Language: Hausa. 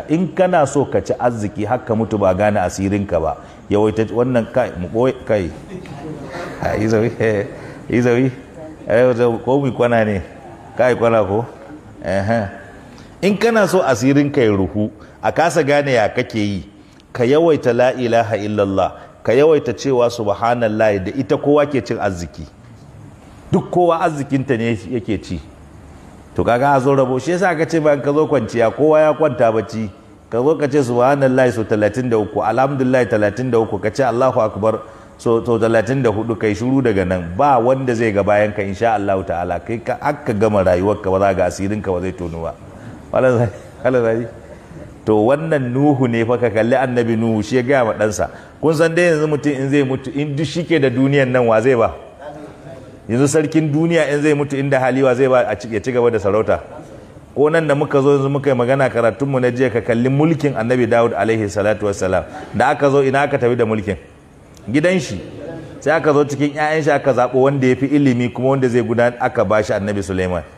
tsafta in kana so ka ci arziki haka mutu ba gane asirinka ba yawaita wannan kai mu boye kai izawi izawi eh, ko mu kwana ne kai kwana ko in kana so asirinka ya ruhu a kasa gane ya kake yi ka yawaita la ilaha illallah ka yawaita cewa subhanallah da ita kowa ke cin arziki duk kowa arzikinta ne yake ci to kaga a zo rabo shi yasa ka ce bayan ka zo kwanciya kowa ya kwanta bacci ka zo ka ce subhanallahi so 33 alhamdulillah 33 ka ce Allahu akbar so 34 kai shuru daga nan ba wanda zai ga bayan ka insha Allah ta'ala kai ka aka gama rayuwar ka ba za ga asirin ka ba zai tono ba to wannan nuhu ne fa ka kalli annabi nuhu shi ya gaya ma sa kun san dai yanzu mutum in zai mutu in duk shike da duniyan nan wa zai ba yanzu sarkin duniya in zai mutu inda haliwa zai ba a ci gaba da sarauta ko nan da muka zo yanzu muka yi magana karatunmu na jiya ka kalli mulkin annabi dawud alaihi salatu wassalam da aka zo ina aka tafi da mulkin gidan shi sai aka zo cikin 'ya'yan shi aka zaɓo wanda ya fi ilimi kuma wanda zai gudanar aka bashi annabi suleiman